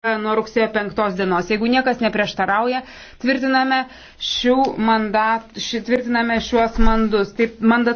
E, nuo rugsėjo 5 dienos. Jeigu niekas neprieštarauja, tvirtiname, šių mandat, ši, tvirtiname šiuos mandus. Taip, mandat,